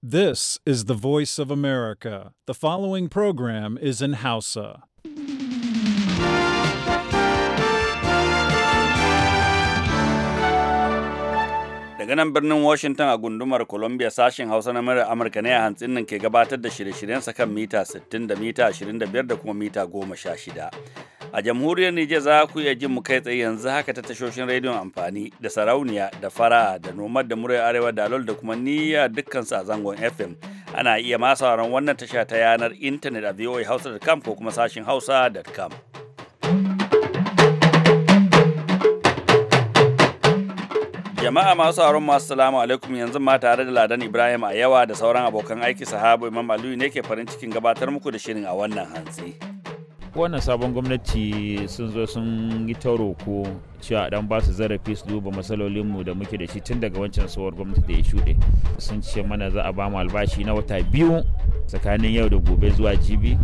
This is the voice of America. The following program is in Hausa. Daga nan birnin Washington a gundumar Columbia sashen Hausa na murar Amurka ne a hantsin nan ke gabatar da shirye-shiryensa kan mita 60 da mita 25 da kuma mita 16. a jamhuriyar Nijar za ku iya jin mu kai tsaye yanzu haka ta tashoshin rediyon amfani da sarauniya da fara da nomad da muryar arewa da da kuma niyya dukkan a zangon FM ana iya ma sauraron wannan tasha ta yanar intanet a voahausa.com ko kuma sashin hausa.com jama'a masu sauraron masu salamu alaikum yanzu ma tare da ladan ibrahim a yawa da sauran abokan aiki sahabu imam aliyu ne ke farin cikin gabatar muku da shirin a wannan hantsi. wannan sabon gwamnati sun zo sun yi ta ko cewa dan ba su zarafi su duba matsalolinmu da muke da shi tun daga wancan tsohuwar gwamnati da ya shuɗe sun ce mana za a ba mu albashi na wata biyu tsakanin yau da gobe zuwa jibi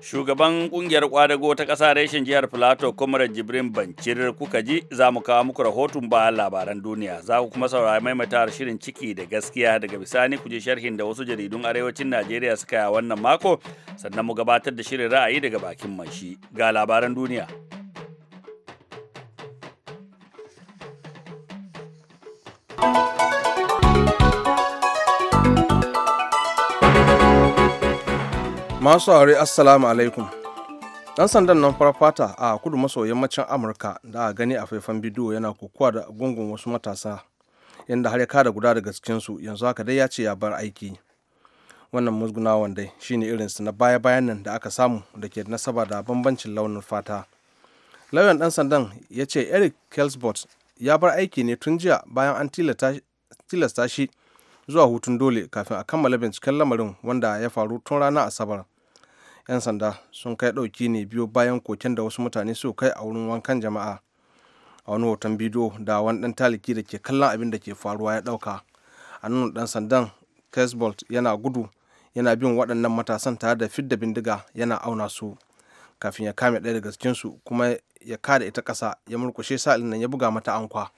shugaban kungiyar kwadago ta ƙasa reshen jihar filato comrade jibrin bancir kuka ji za mu kawo muku rahoton bayan labaran duniya za ku kuma saurari maimaitawar shirin ciki da gaskiya daga bisani ku ji sharhin da wasu jaridun arewacin najeriya suka yi wannan mako sannan mu gabatar da shirin ra'ayi daga bakin mai ga labaran duniya masu aure assalamu alaikum dan sandan nan farfata a kudu maso yammacin amurka da a gani a faifan bidiyo yana kukuwa da gungun wasu matasa inda har ya kada guda daga cikinsu yanzu haka dai ya ce ya bar aiki wannan musgunawan dai shine irinsu na baya-bayan nan da aka samu da ke nasaba da bambancin launin fata lauyan dan sandan ya ce eric kelsbot ya bar aiki ne tun jiya bayan an tilasta shi zuwa hutun dole kafin a kammala binciken lamarin wanda ya faru tun ranar asabar yan sanda sun kai ɗauki ne biyu bayan koken da wasu mutane su kai a wurin wankan jama'a a wani hoton bidiyo da wani ɗan taliki da ke kallon abin da ke faruwa ya ɗauka a nuna ɗan sandan kesbolt yana gudu yana bin waɗannan matasan tare da fidda bindiga yana auna su kafin ya kame ɗaya daga cikinsu kuma ya kada ita ƙasa ya murkushe sa'ilin nan ya buga mata ankwa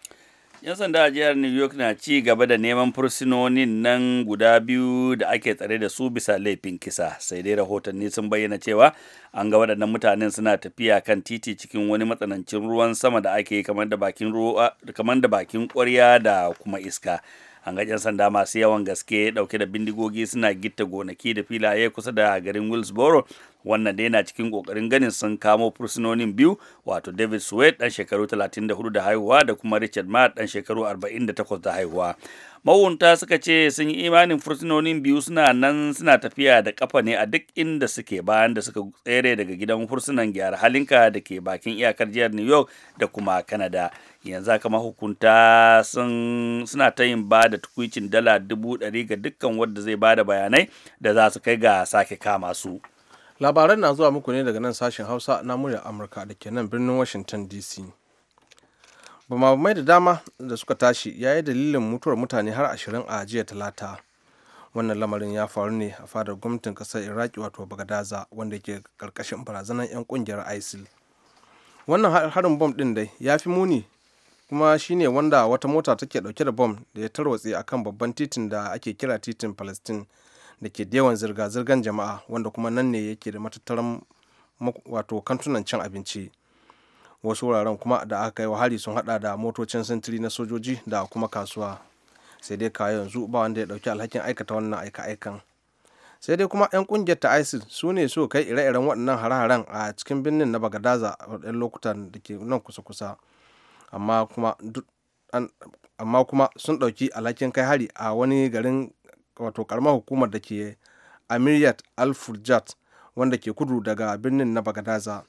'Yan sanda a jihar New York na ci gaba da neman fursunonin nan guda biyu da ake tsare da su bisa laifin kisa, sai dai rahotanni sun bayyana cewa an ga waɗannan mutanen suna tafiya kan titi cikin wani matsanancin ruwan sama da ake kamar da bakin kwarya da kuma iska. an ga 'yan sanda masu yawan gaske dauke da bindigogi suna gitta gonaki da filaye kusa da garin willsboro wannan dai na cikin kokarin ganin sun kamo fursunonin biyu wato david sweat dan shekaru 34 da haihuwa da kuma richard matt dan shekaru 48 da haihuwa mawunta suka ce sun yi imanin fursunonin biyu suna nan suna tafiya da kafa ne a duk inda suke bayan da suka tsere daga gidan fursunan gyara halinka da ke bakin iyakar jihar new york da kuma canada yanzu kama hukunta sun suna ta yin ba da tukwicin dala dubu ɗari ga dukkan wanda zai ba da bayanai da za su kai ga sake kama su labaran na zuwa muku ne daga nan sashen hausa na murya amurka da ke nan birnin washington dc mai da dama da suka tashi ya yi dalilin mutuwar mutane har ashirin a jiya talata wannan lamarin ya faru ne a fadar gwamnatin kasar iraki wato bagadaza wanda ke karkashin barazanar 'yan kungiyar isil wannan harin bom din dai ya fi muni kuma shine wanda wata mota take dauke da bom da ya tarwatse a kan babban titin da ake kira titin palestine da ke yawan zirga zirgan jama'a wanda kuma nan ne yake da matattaran wato kantunan cin abinci wasu wuraren kuma da aka kai wa hari sun hada da motocin sintiri na sojoji da kuma kasuwa sai dai kawai yanzu ba wanda ya dauki alhakin aikata wannan aika-aikan sai dai kuma 'yan kungiyar ta isis su ne so kai ire-iren waɗannan hare-haren a cikin birnin na bagadaza a ɗan lokutan da ke nan kusa-kusa amma kuma sun ɗauki alhakin kai hari a wani garin wato karamar hukumar da ke amiriyat al-furjat wanda ke kudu daga birnin na bagadaza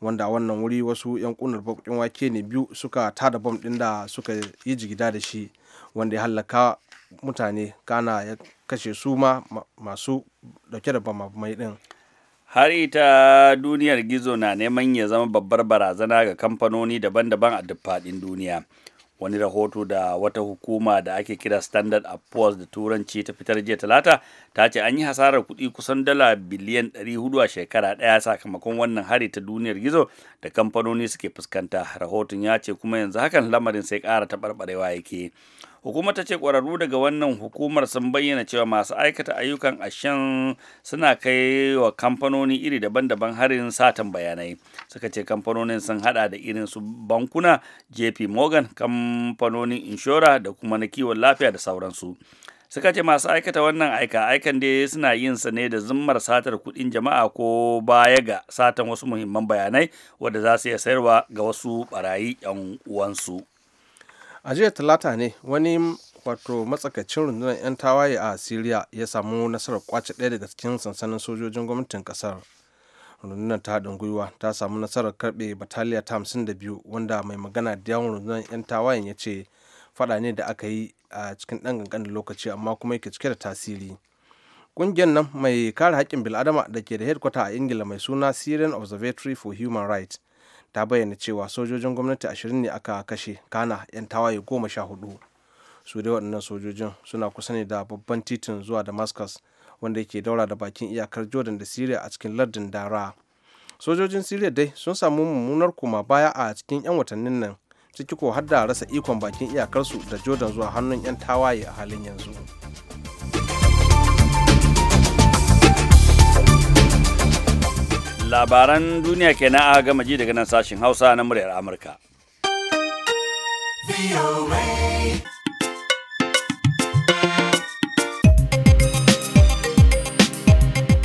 wanda a wannan wuri wasu yan kunar bakin wake ne biyu suka tada bom ɗin da suka yi jigida da shi wanda ya hallaka mutane kana ya kashe su ma masu dauke da mai din har ita duniyar gizo na neman ya zama babbar barazana ga kamfanoni daban-daban a duk faɗin duniya wani rahoto da wata hukuma da ake kira standard poor's da turanci ta fitar jiya talata ta ce an yi hasarar kuɗi kusan dala biliyan 400 a shekara ɗaya sakamakon wannan hari ta duniyar gizo da kamfanoni suke fuskanta rahoton ya ce kuma yanzu hakan lamarin sai ƙara taɓarɓarewa yake hukumar ta ce ƙwararru daga wannan hukumar sun bayyana cewa masu aikata ayyukan ashen suna kai wa kamfanoni iri daban-daban harin satan bayanai suka ce kamfanonin sun hada da irin su bankuna jp morgan kamfanonin inshora da kuma na kiwon lafiya da sauransu suka ce masu aikata wannan aika aikan da suna yin sa ne da zimmar satar kuɗin jama'a ko baya ga satan wasu muhimman bayanai wadda za su iya sayarwa ga wasu barayi yan uwansu a jiya talata ne wani wato matsakaicin rundunar 'yan tawaye a syria ya samu nasarar kwace ɗaya daga cikin sansanin sojojin gwamnatin kasar rundunar ta haɗin gwiwa ta samu nasarar karɓe bataliya ta biyu wanda mai magana da yawon rundunar 'yan tawayen ya ce faɗa ne da aka yi a cikin ɗan ganganin lokaci amma kuma yake cike da tasiri ƙungiyar nan mai kare haƙƙin bil'adama da ke da hedkwata a ingila mai suna syrian observatory for human rights ta bayyana cewa sojojin gwamnati ashirin ne aka kashe kana 'yan tawaye goma sha hudu su dai waɗannan sojojin suna kusa ne da babban titin zuwa damascus wanda yake daura da bakin iyakar jordan da syria a cikin lardin dara sojojin syria dai sun samu mummunar koma baya a cikin 'yan watannin nan ciki ko har da rasa ikon bakin iyakarsu da jordan zuwa hannun 'yan tawaye a halin yanzu. labaran duniya ke a gama ji daga nan sashen hausa na muryar amurka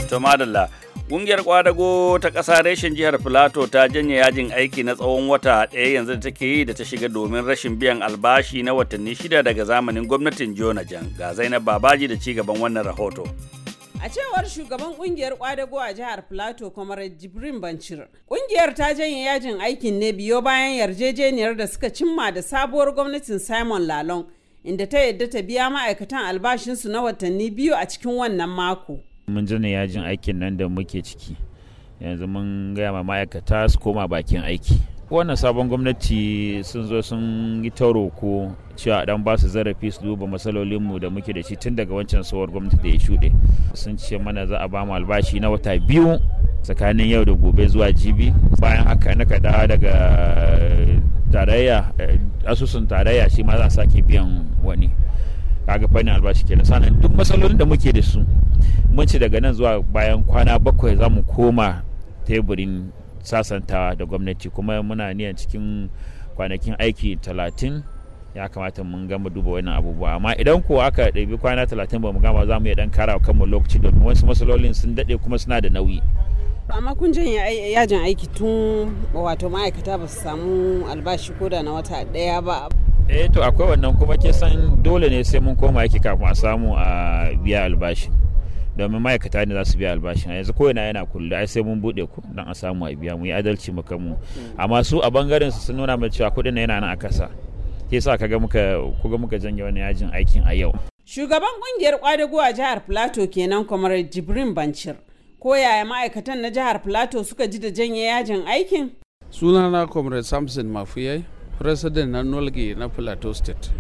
to madalla Ƙungiyar kwadago ta ƙasa reshen jihar Filato ta janye yajin aiki na tsawon wata ɗaya yanzu da take yi da ta shiga domin rashin biyan albashi na watanni shida daga zamanin gwamnatin Jonajan ga Zainab Babaji da cigaban wannan rahoto. A cewar shugaban kungiyar kwadago a jihar Plateau kamar Jibrin Bancir, kungiyar ta janye yajin aikin ne biyo bayan yarjejeniyar da suka cimma da sabuwar gwamnatin Simon Lalong inda ta yadda ta biya ma'aikatan albashinsu na watanni biyu a cikin wannan mako. Mun janye yajin aikin nan da muke ciki. Yanzu mun gaya ma ma'aikata su koma bakin aiki. wannan sabon gwamnati sun zo sun yi ta ko cewa dan ba su zarafi su duba matsalolinmu da muke da shi tun daga wancan tsohuwar gwamnati da ya shuɗe sun ce mana za a ba mu albashi na wata biyu tsakanin yau da gobe zuwa jibi bayan haka na kada daga eh, tarayya eh, asusun tarayya shi ma za a sake biyan wani kaga fannin albashi nan sanan duk matsalolin da muke da su mun ce daga nan zuwa bayan kwana bakwai za mu koma teburin sasantawa da gwamnati kuma muna niyan cikin kwanakin aiki talatin ya kamata mun gama duba wannan abubuwa amma idan ko aka ɗabi kwana talatin ba mu gama za mu iya dan kara kanmu lokaci domin wasu matsalolin sun daɗe kuma suna da nauyi amma kun jan yajin aiki tun wato ma'aikata ba su samu albashi ko da na wata ɗaya ba eh to akwai wannan kuma ke san dole ne sai mun koma aiki kafin a samu a biya albashi domin ma'aikata ne za su biya albashin yanzu ko yana yana kulle ai sai mun bude ku dan a samu a biya mu yi adalci mu kanmu mm. amma su a bangaren su sun nuna mana cewa kuɗin na yana nan a kasa ke sa kaga muka kuga muka janye wani yajin aikin a yau shugaban kungiyar kwadago a jihar plato kenan kamar jibrin bancir ko yaya ma'aikatan na jihar plato suka ji da janye yajin aikin sunana comrade samson mafiyai president na nolge na plateau state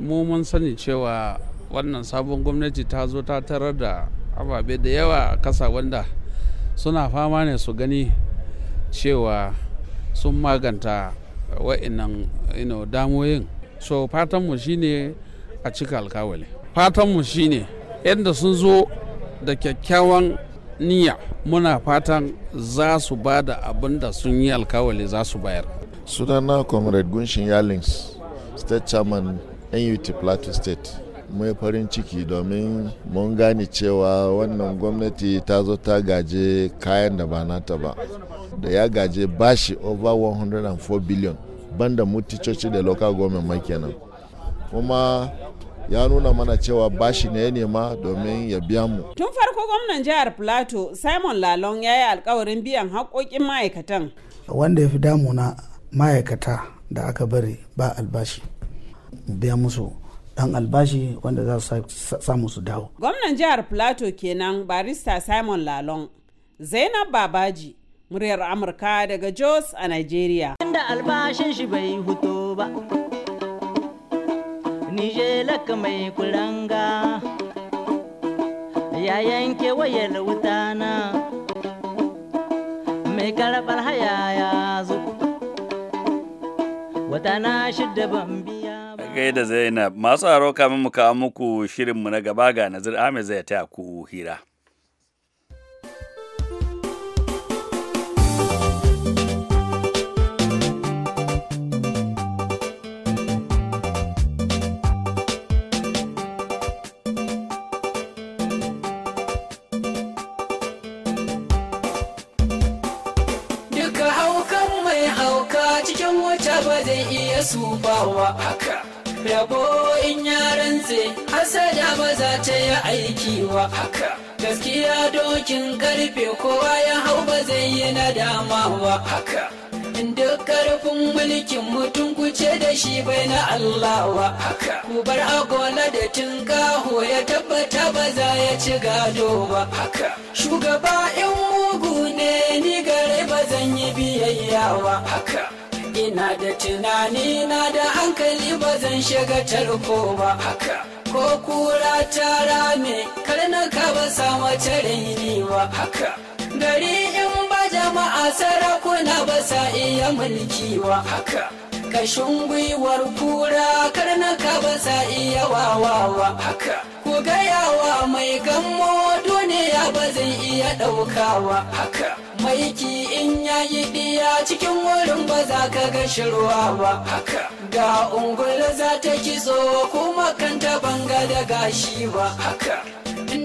mu mun sani cewa wannan sabon gwamnati ta zo ta tarar da ababe da yawa a ƙasa wanda suna fama ne su gani cewa sun maganta wa'innan damoyin so fatanmu shine a cika alkawali fatanmu shine yadda sun zo da kyakkyawan niyya muna fatan za su ba da abin da sun yi alkawali za su bayar sunana comrade gunshin yalins state chairman nut plateau state mai farin ciki domin mun gane cewa wannan gwamnati ta zo ta gaje kayan da ba nata ba da ya gaje bashi over 104 billion banda muticoci da local government kenan kuma ya nuna mana cewa bashi ne ya nema domin ya biya mu. Tun farko gwamnan jihar Plateau Simon Lalon ya yi alkawarin biyan haƙoƙin ma'aikatan. Wanda ya fi damuna ma'aikata da aka bari ba albashi biya musu dan albashi wanda za su samu su dawo. Gwamnan jihar Plato kenan barista Simon Lalong, Zainab Babaji, muryar Amurka daga Jos a Nigeria. Inda albashin shi bai huto ba, nije laka mai kuranga, ya yanke wayar wutana, mai karɓar haya ya zo, wata na shida biyu. da Zainab masu haro kamin mu kawo muku shirinmu na gaba ga Nazir Ahmed zai taya ku hira. Duka haukan mai hauka cikin wata ba zai iya su ba haka. yabo in rantse hasada ba za ta yi aiki wa haka gaskiya dokin karfe kowa ya hau ba zai yi dama wa haka duk karfin mulkin mutum kuce da shi bai na Allah wa haka ku bar agola da tinkaho ya tabbata ba za ya ci gado ba haka shugaba in mugu ne ni gare ba zan yi biyayya wa haka ina da tunani na da hankali ba zan shiga tarko ba haka ko kura ta rame karnaka ba samu tarihi ba haka gari in ba jama'a sarakuna ba sa iya mulki ba haka kashin gwiwar kura karnaka ba sa iya wawawa haka ku gayawa mai gammo duniya ba zai iya ɗaukawa haka maiki in yayi ɗiya cikin wurin ba za ka ga shirwa ba ga za ta kitso kuma kanta banga da gashi ba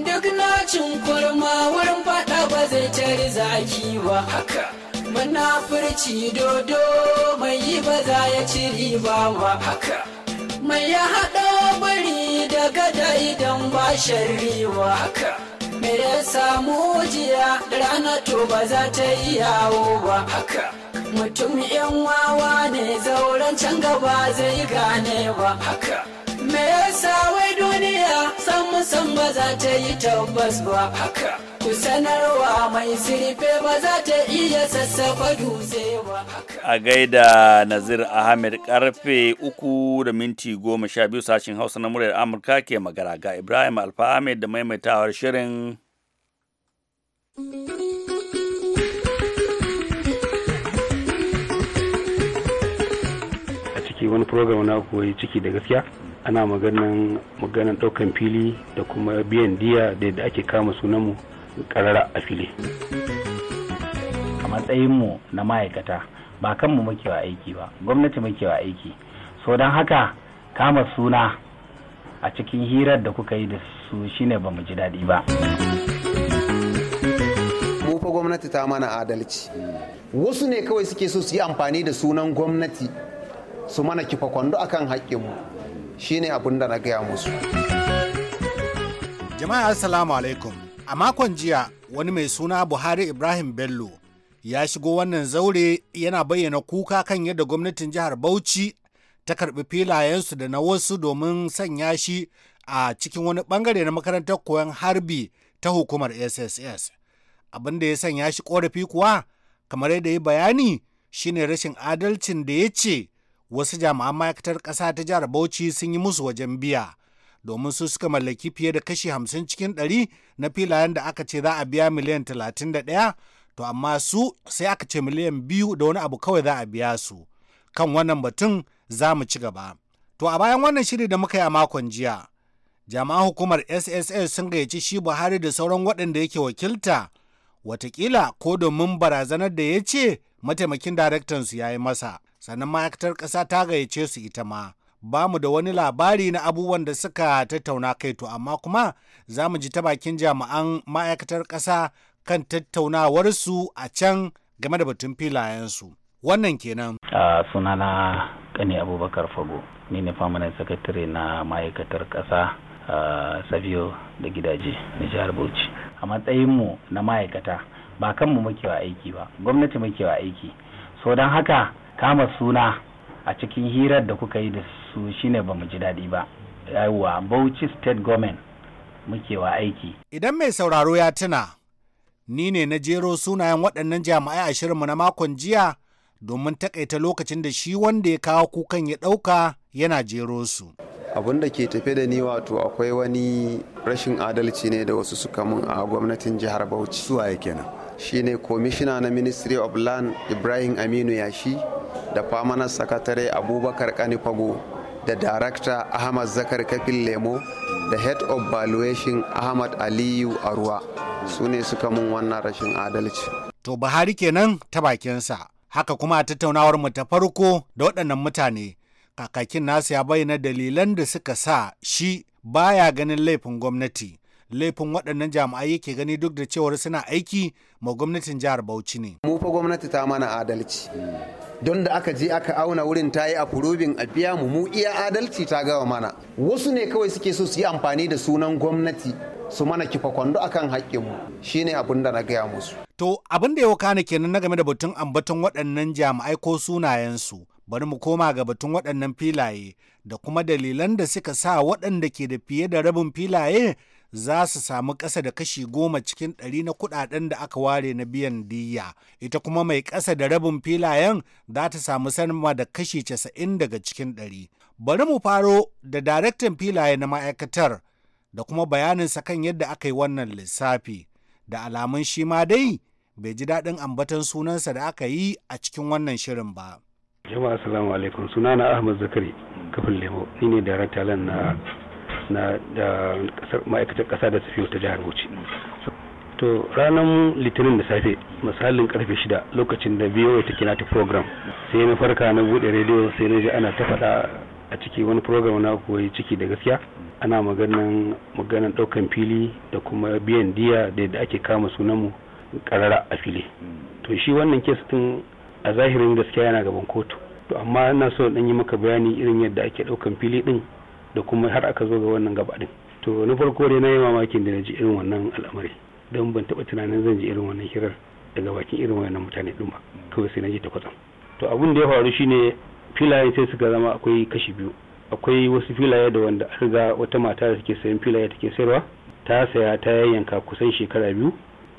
duk na cin kurma wurin faɗa ba zai tare zaki ba muna furci dodo mai yi ba za ya ci riba ba mai ya haɗa bari daga da idan ba shari'a me ya samu jiya rana to ba za ta yi yawo ba haka mutum yan wawa ne zauren can gaba zai gane ba haka me yasa wai duniya san musan ba za ta yi tabbas ba haka ku mai sirfe ba za ta iya sassafa dutse ba. A gaida Nazir Ahmed karfe uku da minti goma sha biyu sashen Hausa na muryar Amurka ke magana ga Ibrahim Alfa Ahmed da maimaitawar shirin. A ciki wani program na koyi ciki da gaskiya. ana maganan maganan daukan fili da kuma biyan diya da ake kama sunanmu karara a fili a matsayinmu na ma'aikata ba kanmu muke wa aiki ba gwamnati muke wa aiki so don haka kama suna a cikin hirar da kuka yi da su shine ba mu ji daɗi ba fa gwamnati ta mana adalci wasu ne kawai suke so su yi amfani da sunan gwamnati su mana kifa kwando akan haƙƙinmu shine abin da na gaya musu jama'a assalamu alaikum A makon jiya wani mai suna Buhari Ibrahim Bello ya shigo wannan zaure yana bayyana kuka kan yadda gwamnatin jihar Bauchi ta karɓi filayensu da na wasu domin sanya shi a cikin wani bangare na makarantar koyon harbi ta hukumar SSS. Abin da ya sanya shi korafi kuwa kamar yadda ya bayani shine rashin adalcin da ya ce wasu jami'an ma'aikatar ƙasa ta jihar Bauchi sun yi musu wajen biya. domin su suka mallaki fiye da kashi 50 cikin ɗari na filayen da aka ce za a biya miliyan talatin da ɗaya to amma su sai aka ce miliyan biyu da wani abu kawai za a biya su kan wannan batun za mu ci gaba to a bayan wannan shiri da muka yi a makon jiya jami'an hukumar sss sun gayyaci shi buhari da sauran waɗanda yake wakilta watakila ko domin barazanar da ya ce mataimakin daraktansu ya yi masa sannan ma'aikatar ƙasa ta gayyace su ita ma ba mu da wani labari na abubuwan da suka tattauna kai to amma kuma za mu ji ta bakin jami'an ma'aikatar ƙasa kan tattaunawarsu a can game da batun filayensu wannan kenan uh, sunana kane abubakar fago ni ne famanin sakatare na ma'aikatar ƙasa a da gidaje na jihar bauchi a matsayinmu na ma'aikata ba kanmu muke wa aiki ba gwamnati muke wa aiki so don haka kama suna a cikin hirar da kuka yi da su shine ba mu ji daɗi ba yawa bauchi state government muke wa aiki idan mai sauraro ya tuna ni ne na jero sunayen waɗannan jami'ai a shirinmu na makon jiya domin takaita lokacin da shi wanda ya kawo kukan ya ɗauka yana jero su abin da ke tafe da ni wato akwai wani rashin adalci ne da wasu suka mun a gwamnatin jihar bauchi ya kenan Shi ne komishina na ministry of land ibrahim aminu yashi da famanar sakatare abubakar kanifago da darakta ahmad zakar kafin lemo da head of valuation ahmad aliyu arwa su ne suka mun wannan rashin adalci to buhari kenan ta bakinsa haka kuma a tattaunawar mu ta farko da waɗannan mutane kakakin nasu ya bayyana dalilan da suka sa shi baya ganin laifin gwamnati laifin waɗannan jami'ai yake gani duk da cewar suna aiki ma gwamnatin jihar Bauchi ne. Mu fa gwamnati ta mana adalci. Don da aka je aka auna wurin ta yi a furubin a biya mu mu iya adalci ta gawa mana. Wasu ne kawai suke so su yi amfani da sunan gwamnati su mana kifa kwando akan haƙƙinmu shine abin da na gaya musu. To abin da ya wuka ni kenan na game da batun ambaton waɗannan jami'ai ko sunayensu. bari mu koma ga batun waɗannan filaye da kuma dalilan da suka sa waɗanda ke da fiye da rabin filaye za su samu ƙasa da kashi goma cikin ɗari na kuɗaɗen da aka ware na biyan diyya ita kuma mai ƙasa da rabin filayen za ta samu sama da kashi casa'in daga cikin ɗari bari mu faro da daraktan filaye na ma'aikatar da kuma bayanin sa kan yadda aka yi wannan lissafi da alamun shi ma dai bai ji daɗin ambatan sunansa da aka yi a cikin wannan shirin ba. jama'a assalamu alaikum sunana ahmad zakari kafin lemo ni ne darakta na na da ma'aikatar kasa da tafiya ta jihar bauchi to ranar litinin da safe misalin karfe shida lokacin da biyo ta kina ta program sai na farka na bude rediyo sai na ji ana ta faɗa a ciki wani program na koyi ciki da gaskiya ana maganan maganan ɗaukan fili da kuma biyan diya da yadda ake kama sunan mu karara a fili to shi wannan kes din a zahirin gaskiya yana gaban kotu to amma ina so dan yi maka bayani irin yadda ake ɗaukan fili din da kuma har aka zo ga wannan gaba din to na farko dai na yi mamakin da na ji irin wannan al'amari don ban taɓa tunanin zan ji irin wannan hirar daga bakin irin wannan mutane din ba kawai sai na ji ta kwatsam to abin da ya faru shine filaye sai suka zama akwai kashi biyu akwai wasu filaye da wanda aka ga wata mata da take sayan filaye take sayarwa ta saya ta yayyanka kusan shekara biyu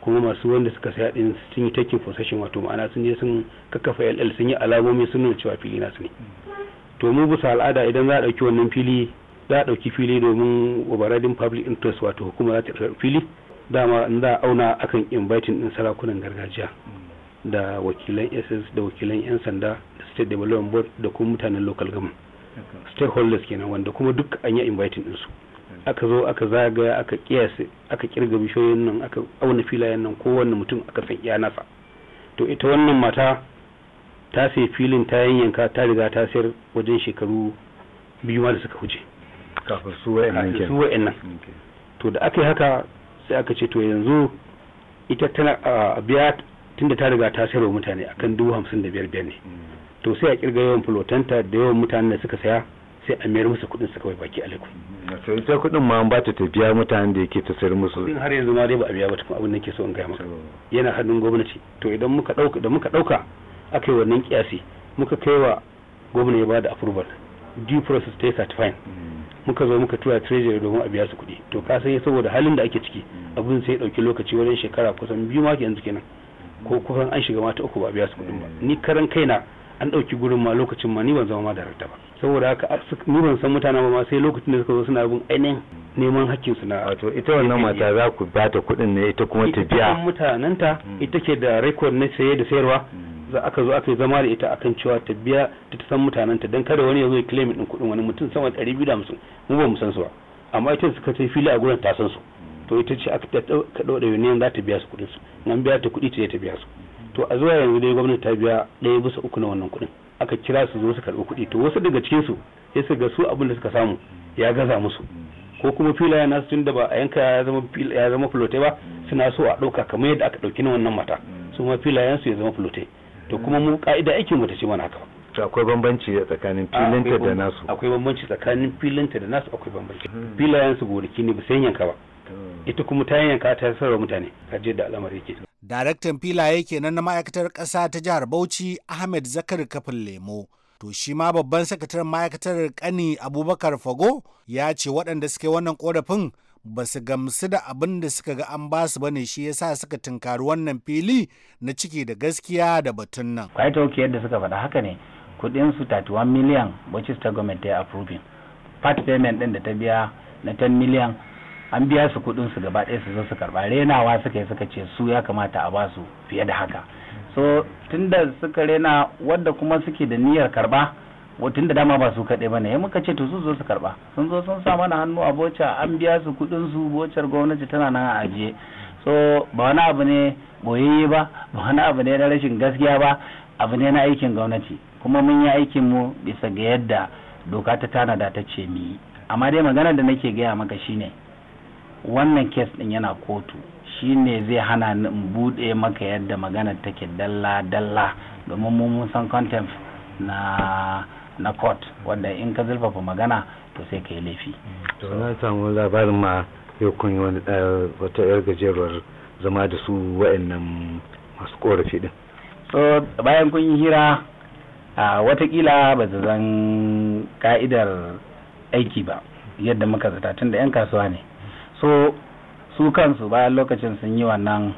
kuma masu wanda suka saya din sun yi takin possession wato ma'ana sun je sun kakkafa ll sun yi alamomi sun nuna cewa fili nasu ne to mu bisa al'ada idan za a ɗauki wannan fili za a ɗauki fili domin overriding public interest wato hukuma za ta ɗauki fili dama in za a auna akan inviting ɗin sarakunan gargajiya da wakilan ss da wakilan 'yan sanda da state development board da kuma mutanen local government stakeholders kenan wanda kuma duk an yi inviting ɗinsu aka zo aka zagaya aka kiyasa aka kirga bishiyoyin nan aka auna filayen nan wani mutum aka san iya nasa to ita wannan mata ta sai filin ta yanyanka ta riga ta sayar wajen shekaru biyu ma da suka wuce kafin su wa'annan su nan to da aka yi haka sai aka ce to yanzu ita tana biya tunda ta riga ta sayarwa mutane akan dubu hamsin da biyar biyar ne mm. to sai a kirga yawan fulotanta da yawan mutanen da suka saya sai a mayar musu kuɗin su kawai baki alaikum sai mm. ita kuɗin ma an bata ta biya mutanen da yake ta sayar musu din har yanzu ma dai ba a biya ba tukun abin da ke so in gaya maka yana hannun gwamnati to idan muka dauka da muka dauka aka yi wannan kiyasi muka kai wa gwamnati ya bada approval due process ta yi certifying muka zo muka tura treasury domin a biya su kuɗi to ka san saboda halin da ake ciki abin sai ya ɗauki lokaci wajen shekara kusan biyu ma yanzu kenan ko kusan an shiga mata uku ba a biya su kuɗin ba mm. ni karan kaina an ɗauki gurin ma lokacin ma ni ban zama ma darakta ba saboda haka ni ban san mutane ba ma sai lokacin da suka zo suna bin ainihin neman hakkin su na wato ita wannan mata za ku ba ta kuɗin ne ita kuma ta biya mutanen ta mm. ita ke da record na saye da sayarwa mm. za aka zo aka yi zama da ita akan cewa ta biya ta san mutanen ta don kada wani ya zo ya claim din kuɗin wani mutum sama da 250 mu ba mu san su ba amma ita suka ta fili a gurin ta san su to ita ce aka ka dauda union za ta biya su kuɗin su nan biya ta kuɗi ce ta biya su to a zuwa yanzu dai gwamnati ta biya ɗaya bisa uku na wannan kuɗin aka kira su zo su karɓi kuɗi to wasu daga cikin su sai su ga su abin da suka samu ya gaza musu ko kuma filayen nasu tun da ba a yanka ya zama ya zama ba suna so a ɗauka kamar yadda aka dauki na wannan mata su ma filayen su ya zama filote to kuma mu ka'ida aikin mu ta ce mana haka ba akwai bambanci tsakanin filinta da nasu akwai bambanci tsakanin filinta da nasu akwai bambanci hmm. filayen su gonaki ne ba sai yanka ba ita kuma ta yanka ta sarrafa mutane kaje da al'amari yake daraktan filaye kenan na ma'aikatar ƙasa ta jihar Bauchi Ahmed Zakar Kafin Lemo to shi ma babban sakataren ma'aikatar kani Abubakar Fago ya ce waɗanda suke wannan korafin ba su gamsu da abin da suka ga an ba su bane shi yasa suka tunkari wannan fili na ciki da gaskiya da batun nan. Kwaita oke yadda suka faɗa haka ne kudin su 31 miliyan wacce ta gwamnati ya approving. Part payment ɗin da ta biya na 10 miliyan an biya su kuɗin su gaba ɗaya su zo su karɓa renawa suka yi suka ce su ya kamata a ba su fiye da haka. So tunda suka rena wadda kuma suke da niyyar karɓa tun da dama ba su kaɗai ba ne ya muka ce to su zo su karɓa sun zo sun sa mana hannu a boca an biya su kuɗin su bocar gwamnati tana nan a ajiye so ba wani abu ne boyayye ba ba wani abu ne na rashin gaskiya ba abu ne na aikin gwamnati kuma mun yi aikin mu bisa ga yadda doka ta tanada ta ce mi amma dai magana da nake gaya maka shine wannan kes din yana kotu shine zai hana ni in buɗe maka yadda magana take dalla dalla domin mun san contempt na na court wanda in ka zurfafa magana to sai ka yi laifi to na samu labarin ma yau kun yi wani wata yar gajeruwar zama da su wa'annan masu korafi din so bayan kun yi hira a watakila ba ta zan ka'idar aiki ba yadda muka zata tun da 'yan kasuwa ne so su kansu bayan lokacin sun yi wannan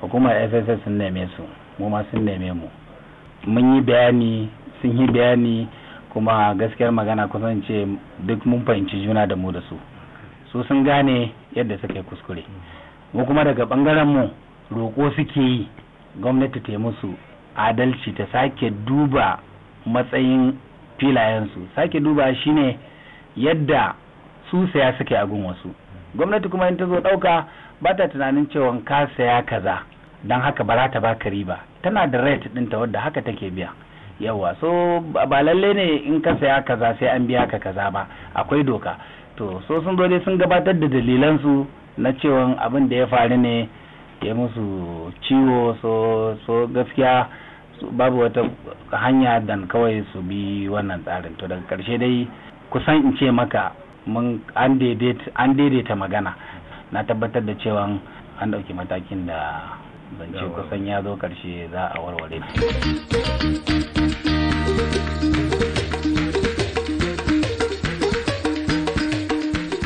hukumar fss sun neme su mu ma sun neme mu mun yi bayani sun yi bayani kuma gaskiyar magana kusan ce duk mun fahimci juna da mu da su su sun gane yadda suka yi kuskure mu kuma daga bangaren mu roƙo suke yi gwamnati ta musu adalci ta sake duba matsayin filayensu sake duba shine yadda su saya suke agun wasu gwamnati kuma in ta zo ɗauka ba ta tunanin cewa ka saya kaza don haka ba za ta baka riba tana da rate ɗinta wadda haka take biya yawa so ba lalle ne in ka saya kaza sai an biya ka kaza ba akwai doka to so sun zo dai sun gabatar da dalilansu na cewa abin da ya faru ne ya musu ciwo so so gaskiya babu wata hanya dan kawai su bi wannan tsarin to daga karshe dai kusan in ce maka an daidaita magana na tabbatar da cewa an ɗauki matakin da zance kusan ya zo karshe za a warware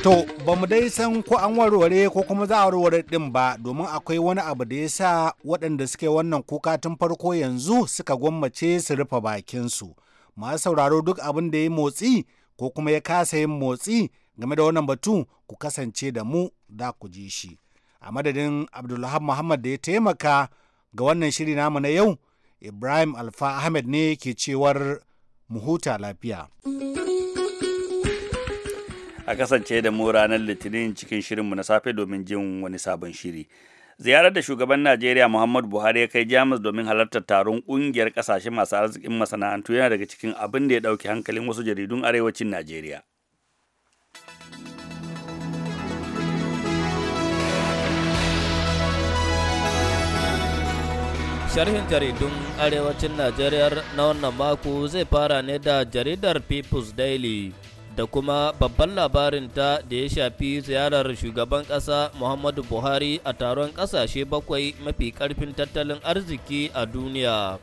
To, ba mu dai san ko an warware ko kuma za a warware ɗin ba domin akwai wani abu da ya sa waɗanda suke wannan kuka tun farko yanzu suka gwammace su rufe bakinsu. Masu sauraro duk abin da ya motsi ko kuma ya kasa yin motsi game da wannan batu ku kasance da mu da ku ji shi. A madadin Abdullahi Muhammad da ya taimaka ga wannan shiri namu na yau. Ibrahim Alfa Ahmed ne ke cewar muhuta lafiya. A kasance da mu ranar Litinin cikin shirinmu na safe domin jin wani sabon shiri. ziyarar da shugaban najeriya muhammadu buhari ya kai jamus domin halartar taron ƙungiyar kasashe masu arzikin masana'antu yana daga cikin abin da ya ɗauki hankalin wasu jaridun arewacin najeriya Sharhin jaridun arewacin Najeriya na wannan mako zai fara ne da jaridar People's Daily da kuma babban labarinta da ya shafi ziyarar shugaban ƙasa Muhammadu Buhari a taron ƙasashe bakwai mafi ƙarfin tattalin arziki a duniya.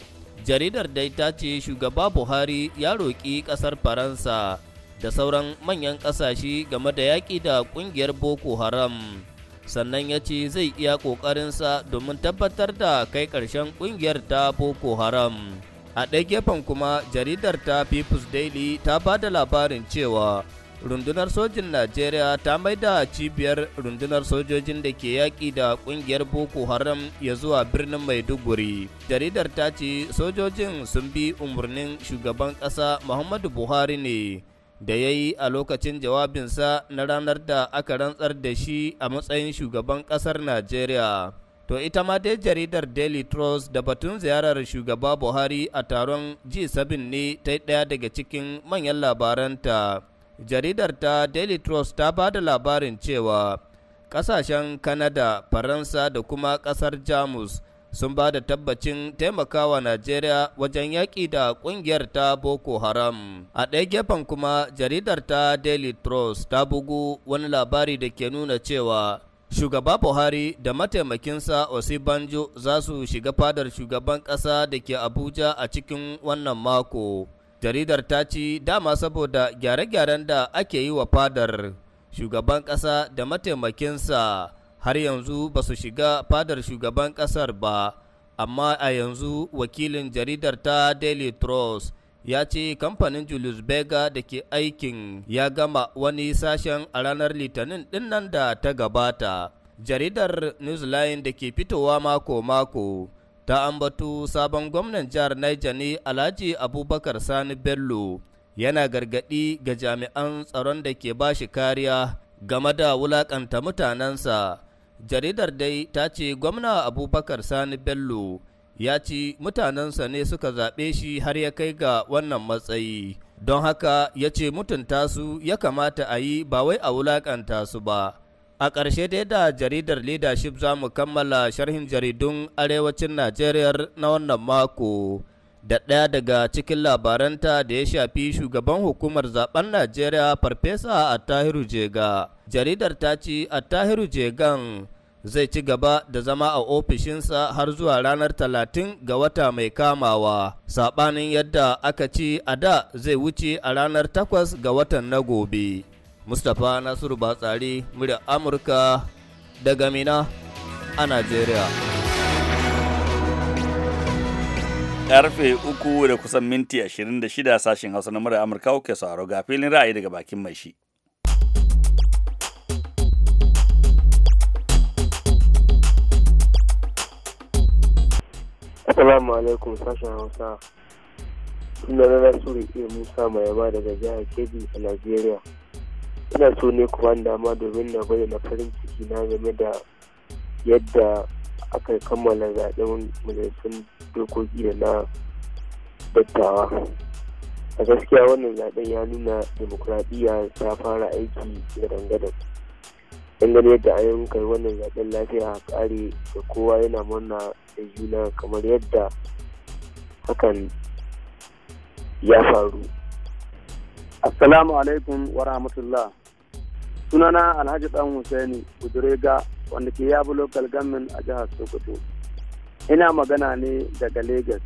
Jaridar dai ta ce shugaba Buhari ya roƙi ƙasar Faransa da sauran manyan ƙasashe game da yaƙi da ƙungiyar Boko Haram. sannan ya ce zai iya ƙoƙarinsa domin tabbatar da kai ƙarshen ƙungiyar ta boko haram a ɗaya gefen kuma jaridar ta people's daily ta ba da labarin cewa rundunar sojin najeriya ta maida cibiyar rundunar sojojin da ke yaƙi da ƙungiyar boko haram ya zuwa birnin maiduguri jaridar ta ce sojojin sun bi umarnin shugaban ƙasa muhammadu buhari ne da ya yi a lokacin jawabinsa na ranar da aka rantsar da shi a matsayin shugaban ƙasar Najeriya. To ita ma dai jaridar Daily Trust da batun ziyarar shugaba Buhari a taron G7 ne ta yi ɗaya daga cikin manyan labaranta. Jaridar ta Daily Trust ta ba da labarin cewa ƙasashen Kanada, Faransa da kuma ƙasar Jamus sun ba da tabbacin taimakawa Najeriya wajen yaƙi da ƙungiyar ta Boko Haram. A ɗaya gefen kuma jaridar ta Daily Trust ta bugu wani labari da ke nuna cewa Shugaba Buhari da mataimakinsa Osibanjo za su shiga fadar shugaban ƙasa da ke Abuja a cikin wannan mako. Jaridar ta ci dama saboda gyare-gyaren da ake yi wa fadar shugaban ƙasa da mataimakinsa. har yanzu ba su shiga fadar shugaban ƙasar ba, amma a yanzu wakilin jaridar ta Daily Trust ya ce kamfanin Julius Berger da ke aikin ya gama wani sashen a ranar Litinin ɗinnan da ta gabata. Jaridar Newsline da ke fitowa mako-mako ta ambato sabon gwamnan jihar Niger ne Alhaji Abubakar Sani Bello yana gargadi ga jami'an tsaron da ke ba shi kariya game da wulakanta mutanensa. jaridar dai ta ce gwamna abubakar sani bello ya ce mutanensa ne suka zaɓe shi har ya kai ga wannan matsayi don haka ya ce mutunta su ya kamata a yi ba wai a wulaƙanta su ba a ƙarshe dai da jaridar leadership za mu kammala sharhin jaridun arewacin najeriya na wannan mako da ɗaya daga cikin labaranta da ya shafi shugaban hukumar zaben Najeriya Farfesa Attahiru Jega. Jaridar ta ce Attahiru Jegan zai ci gaba da zama a ofishinsa har zuwa ranar talatin ga wata mai kamawa, saɓanin yadda aka ci a da zai wuce a ranar takwas ga watan na gobe. Mustapha Nasiru Batsari, murya Amurka daga Mina a Najeriya. karfe uku da kusan minti 26 sashen hausa na murar amurka uke sauraro ga filin ra'ayi daga bakin mai shi Assalamu alaikum sashen Hausa. Suna na Nasiru iya Musa mai yaba daga jihar Kebbi a Najeriya. Ina so ne kuma dama domin na bayyana farin ciki na game da yadda aka kammala zaɓen majalisun dokoki da na dattawa a gaskiya wannan zaɓen ya nuna demokuraɗiyya ta fara aiki da dangadan dangane yadda a kai wannan zaɓen lafiya a ƙare da kowa yana murna da juna kamar yadda hakan ya faru assalamu alaikum wa rahmatullah sunana alhaji dan husaini ga. wanda ke yabo local government a jihar sokoto ina magana ne daga lagos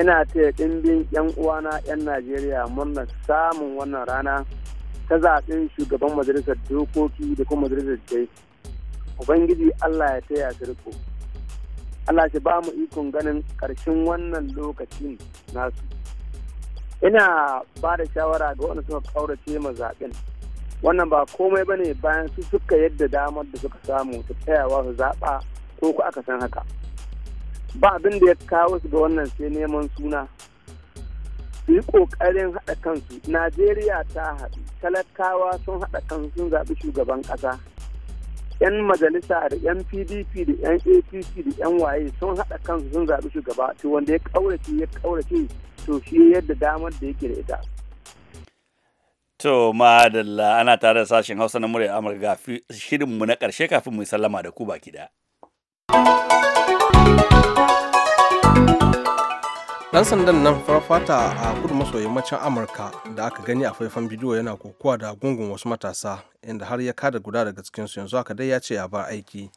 ina taya ɗimbin 'yan uwana 'yan najeriya murnar samun wannan rana ta zaɓen shugaban majalisar dokoki da kuma majalisar dai ubangiji allah ya taya ta allah shi ba mu ikon ganin ƙarshen wannan lokacin nasu ina ba da shawara ga wanda suka ƙaurace ma zaɓen wannan ba komai ba ne bayan su suka yadda damar da suka samu ta tsayawa su zaɓa ko ku aka san haka ba abin da ya kawo su ga wannan sai neman suna su yi ƙoƙarin haɗa kansu najeriya ta haɗu talakawa sun haɗa kansu sun zaɓi shugaban ƙasa 'yan majalisa da 'yan pdp da 'yan apc da 'yan waye sun haɗa kansu sun zaɓi shugaba to wanda ya ƙaurace ya ƙaurace to shi yadda damar da yake da ita To madalla ana tare da sashen Hausa na murya Amurka ga shirinmu na ƙarshe kafin mu sallama da ku baki da. sandan nan farfata a kudu maso yammacin Amurka da aka gani a faifan bidiyo yana kokowa da gungun wasu matasa inda har ya kada guda daga cikinsu yanzu aka dai ya ce ya bar aiki.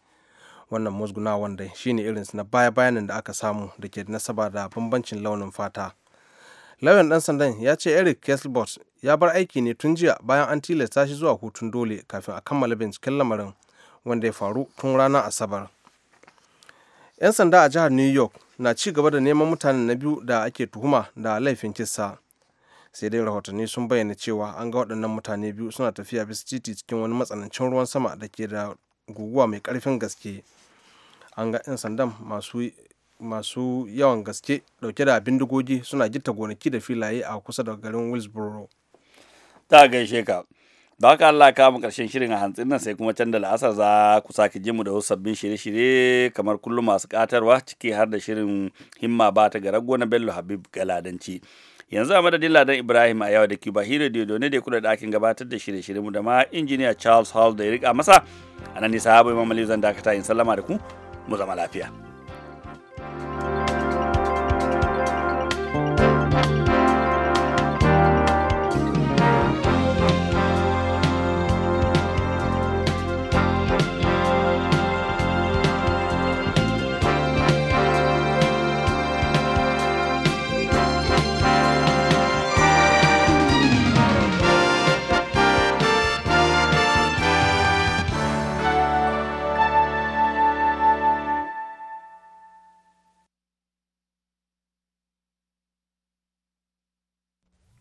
Wannan musguna wanda shine irinsu na baya-bayanan da aka samu da ke nasaba da bambancin launin fata. lauyan ɗan sandan ya ce eric kesselbot ya bar aiki ne tun jiya bayan an tilasta shi zuwa hutun dole kafin a kammala binciken lamarin wanda ya faru tun ranar asabar 'yan sanda a jihar new york na ci gaba da neman mutane na biyu da ake tuhuma da laifin kisa sai dai rahotanni sun bayyana cewa an ga waɗannan mutane biyu suna tafiya bisa titi cikin wani matsanancin ruwan sama da ke da guguwa mai ƙarfin gaske an ga 'yan sandan masu masu yawan gaske dauke da bindigogi suna jitta gonaki da filaye a kusa da garin Willsboro. Ta gaishe ka. Da haka Allah ka mu karshen shirin a hantsin nan sai kuma can da la'asar za ku sake ji da wasu sabbin shirye-shirye kamar kullum masu katarwa ciki har da shirin himma ba ta garago na Bello Habib Galadanci. yanzu a madadin ladan ibrahim a yawa da cuba hero diodo ne da kula da akin gabatar da shirye-shirye mu da ma injiniya charles hall da ya riƙa masa a nan nisa habu zan dakata in sallama da ku mu zama lafiya